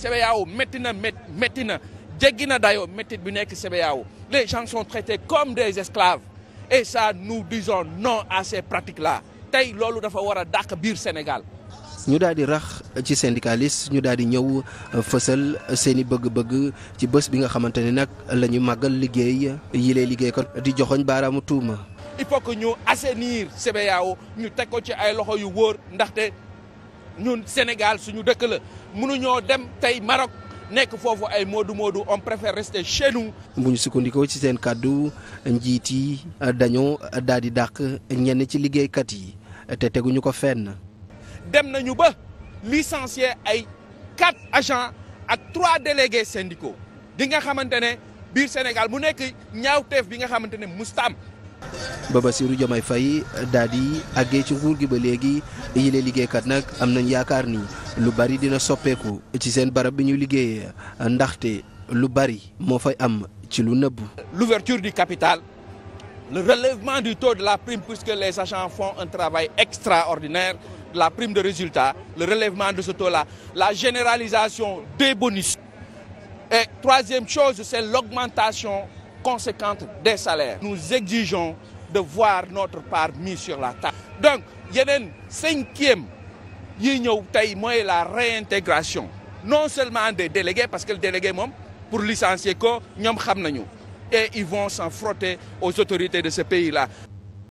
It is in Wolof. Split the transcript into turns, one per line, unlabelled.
CBAO métti na métti na jeggi na dayoo métti bi nekk CBAO les gens sont traités comme des esclaves et ça nous disons non à ces pratiques là tey loolu dafa war a dàq biir Sénégal.
ñu daal di rax ci syndicaliste ñu daal di ñëw euh, fësal seeni bëgg-bëgg ci bés bi nga xamante ne nag la ñu màggal liggéey yi lay liggéey kon di joxoñ baaraamu tuuma.
il faut que ñu assainir CBAO ñu teg ko ci ay loxo yu wóor ndaxte. ñun Sénégal suñu dëkk la mënuñoo dem tey Maroc nekk foofu ay moodu moodu on préfère rester chez nous.
bu sukkandikoo ci seen kàddu njiit yi dañoo daal di dàq ñenn ci liggéeykat yi te teguñu ko fenn.
dem nañu ba licencier ay quatre agents ak trois délégués syndicaux di nga xamante ne biir Sénégal mu nekk ñaaw ñaawteef bi nga xamante ne mustaam
ba Bassirou Diomaye Faye daal di àggee ci nguur gi ba léegi yile liggéeykat nag am nañ yaakaar ni lu bari dina soppeeku ci seen barab bi ñuy liggéeyee ndaxte lu bari moo fay am ci lu nëbb l'ouverture du capital le relèvement du taux de la prime puisque les agents font un travail
extraordinaire la prime de résultat le relèvement de ce taux là la généralisation des bonus et troisième chose c'est l'augmentation conséquente des salaires nous exigeons de voir notre part mise sur la table donc yeneen cinquième yi ñëw tey mooy la réintégration non seulement des délégués parce que le délégué moom pour licencier ko ñoom xam nañu et ils vont s'en frotter aux autorités de ce pays là